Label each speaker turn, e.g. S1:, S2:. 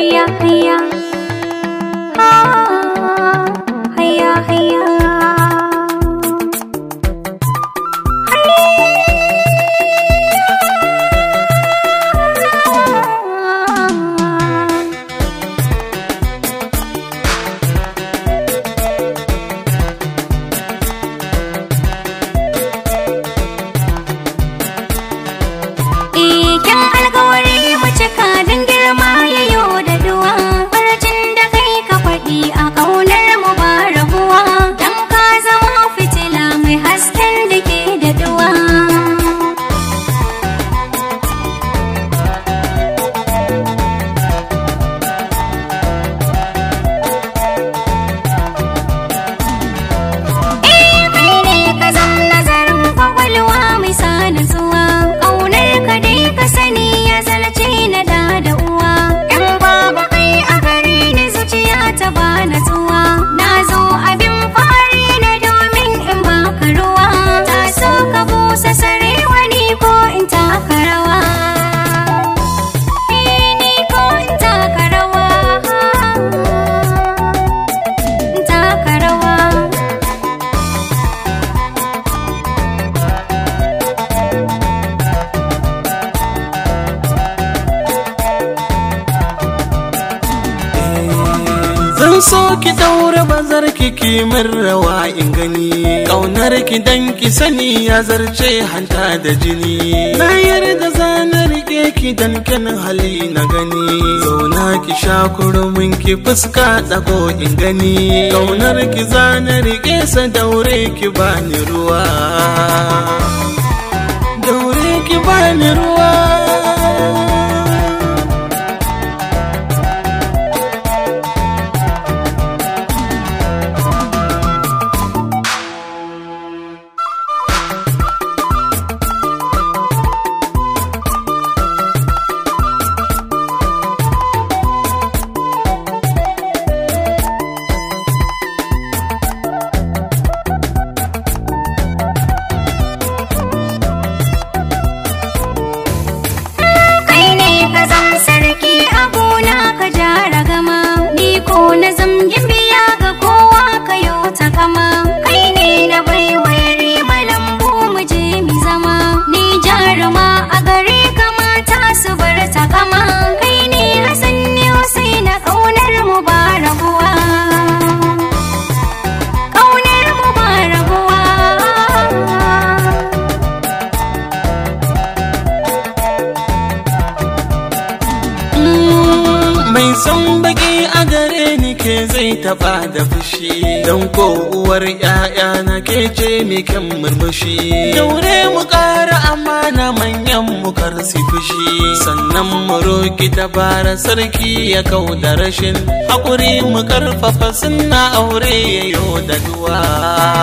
S1: 嘿呀，嘿呀。ka sani ya zalce na da da uwa. in babu ai a gari ni zuciya ta ba na tsuwa.
S2: ki daura bazar ki kimar rawa in gani kaunar ki dan ki sani ya zarce hanta da jini na yarda zanar rike ki dan kin hali na gani zauna ki sha kurumin ki fuska dago in gani kaunar ki zanar rike sa daure ki bani ruwa daure ki bani ruwa ke zai taba da fushi don ko uwar 'ya'yana na ke ce mai kyan murmushi daure mu ƙara amana manyan mu kar su fushi sannan mu roki tabara sarki ya kau da rashin hakuri mu karfafa sunna aure yayo da duwa